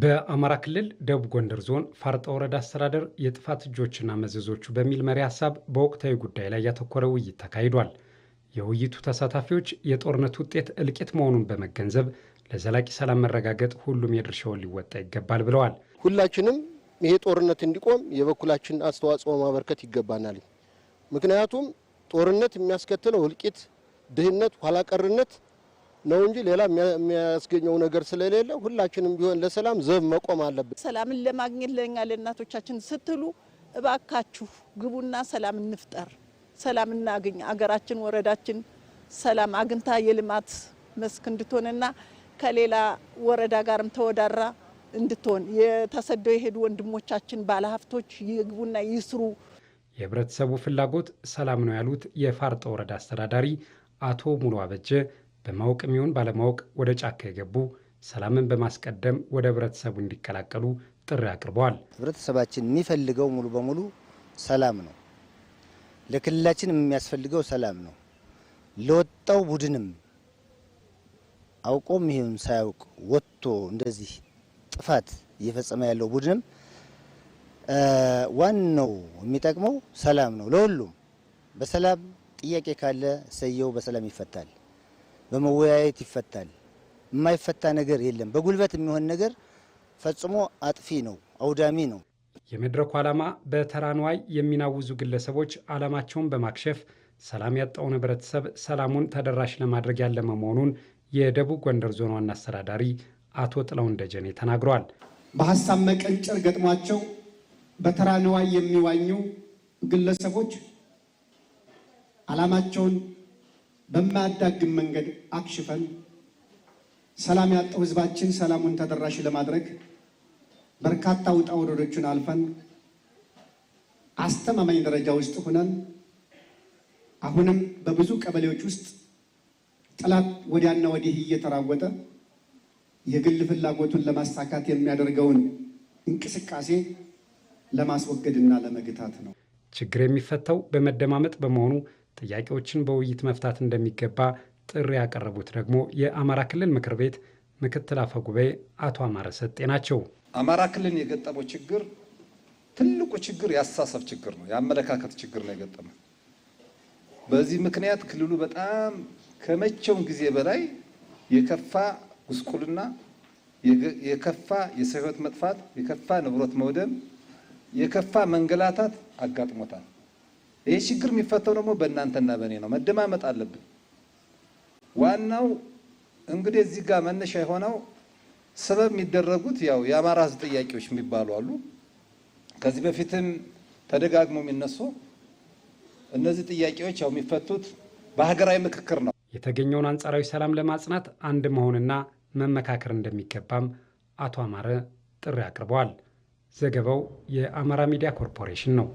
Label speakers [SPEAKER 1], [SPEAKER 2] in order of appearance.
[SPEAKER 1] በአማራ ክልል ደቡብ ጎንደር ዞን ፋርጣ ወረዳ አስተዳደር የጥፋት እጆችና መዘዞቹ በሚል መሪ ሀሳብ በወቅታዊ ጉዳይ ላይ ያተኮረ ውይይት ተካሂዷል። የውይይቱ ተሳታፊዎች የጦርነት ውጤት እልቂት መሆኑን በመገንዘብ ለዘላቂ ሰላም መረጋገጥ ሁሉም የድርሻውን ሊወጣ ይገባል ብለዋል።
[SPEAKER 2] ሁላችንም ይሄ ጦርነት እንዲቆም የበኩላችን አስተዋጽኦ ማበርከት ይገባናል። ምክንያቱም ጦርነት የሚያስከትለው እልቂት፣ ድህነት፣ ኋላቀርነት ነው እንጂ ሌላ የሚያስገኘው ነገር ስለሌለ ሁላችንም ቢሆን ለሰላም ዘብ መቆም አለብን።
[SPEAKER 3] ሰላምን ለማግኘት ለኛ ለእናቶቻችን ስትሉ እባካችሁ ግቡና ሰላም እንፍጠር፣ ሰላም እናገኝ፣ አገራችን ወረዳችን ሰላም አግኝታ የልማት መስክ እንድትሆንና ከሌላ ወረዳ ጋርም ተወዳራ እንድትሆን የተሰደው የሄዱ ወንድሞቻችን ባለሀብቶች ይግቡና ይስሩ።
[SPEAKER 1] የህብረተሰቡ ፍላጎት ሰላም ነው ያሉት የፋርጣ ወረዳ አስተዳዳሪ አቶ ሙሉ አበጀ በማወቅም ይሁን ባለማወቅ ወደ ጫካ የገቡ ሰላምን በማስቀደም ወደ ህብረተሰቡ እንዲቀላቀሉ ጥሪ አቅርበዋል።
[SPEAKER 4] ህብረተሰባችን የሚፈልገው ሙሉ በሙሉ ሰላም ነው። ለክልላችን የሚያስፈልገው ሰላም ነው። ለወጣው ቡድንም አውቆም ይህም ሳያውቅ ወጥቶ እንደዚህ ጥፋት እየፈጸመ ያለው ቡድንም ዋናው የሚጠቅመው ሰላም ነው። ለሁሉም በሰላም ጥያቄ ካለ ሰየው በሰላም ይፈታል። በመወያየት ይፈታል። የማይፈታ ነገር የለም። በጉልበት የሚሆን ነገር ፈጽሞ አጥፊ ነው፣ አውዳሚ ነው።
[SPEAKER 1] የመድረኩ ዓላማ በተራንዋይ የሚናውዙ ግለሰቦች ዓላማቸውን በማክሸፍ ሰላም ያጣውን ህብረተሰብ ሰላሙን ተደራሽ ለማድረግ ያለመ መሆኑን የደቡብ ጎንደር ዞን ዋና አስተዳዳሪ አቶ ጥላውን ደጀኔ ተናግረዋል።
[SPEAKER 5] በሀሳብ መቀንጨር ገጥሟቸው በተራንዋይ የሚዋኙ ግለሰቦች ዓላማቸውን በማያዳግም መንገድ አክሽፈን ሰላም ያጣው ህዝባችን ሰላሙን ተደራሽ ለማድረግ በርካታ ውጣ ውረዶችን አልፈን አስተማማኝ ደረጃ ውስጥ ሆነን አሁንም በብዙ ቀበሌዎች ውስጥ ጠላት ወዲያና ወዲህ እየተራወጠ የግል ፍላጎቱን ለማሳካት የሚያደርገውን እንቅስቃሴ ለማስወገድና ለመግታት ነው።
[SPEAKER 1] ችግር የሚፈታው በመደማመጥ በመሆኑ ጥያቄዎችን በውይይት መፍታት እንደሚገባ ጥሪ ያቀረቡት ደግሞ የአማራ ክልል ምክር ቤት ምክትል አፈ ጉባኤ አቶ አማረ ሰጤ ናቸው።
[SPEAKER 6] አማራ ክልል የገጠመው ችግር ትልቁ ችግር የአስተሳሰብ ችግር ነው፣ የአመለካከት ችግር ነው የገጠመ። በዚህ ምክንያት ክልሉ በጣም ከመቼውም ጊዜ በላይ የከፋ ጉስቁልና፣ የከፋ የሰው መጥፋት፣ የከፋ ንብረት መውደም፣ የከፋ መንገላታት አጋጥሞታል። ይህ ችግር የሚፈተው ደግሞ በእናንተና በእኔ ነው። መደማመጥ አለብን። ዋናው እንግዲህ እዚህ ጋር መነሻ የሆነው ሰበብ የሚደረጉት ያው የአማራ ህዝብ ጥያቄዎች የሚባሉ አሉ። ከዚህ በፊትም ተደጋግሞ የሚነሱ እነዚህ ጥያቄዎች ያው የሚፈቱት በሀገራዊ ምክክር ነው።
[SPEAKER 1] የተገኘውን አንጻራዊ ሰላም ለማጽናት አንድ መሆንና መመካከር እንደሚገባም አቶ አማረ ጥሪ አቅርበዋል። ዘገባው የአማራ ሚዲያ ኮርፖሬሽን ነው።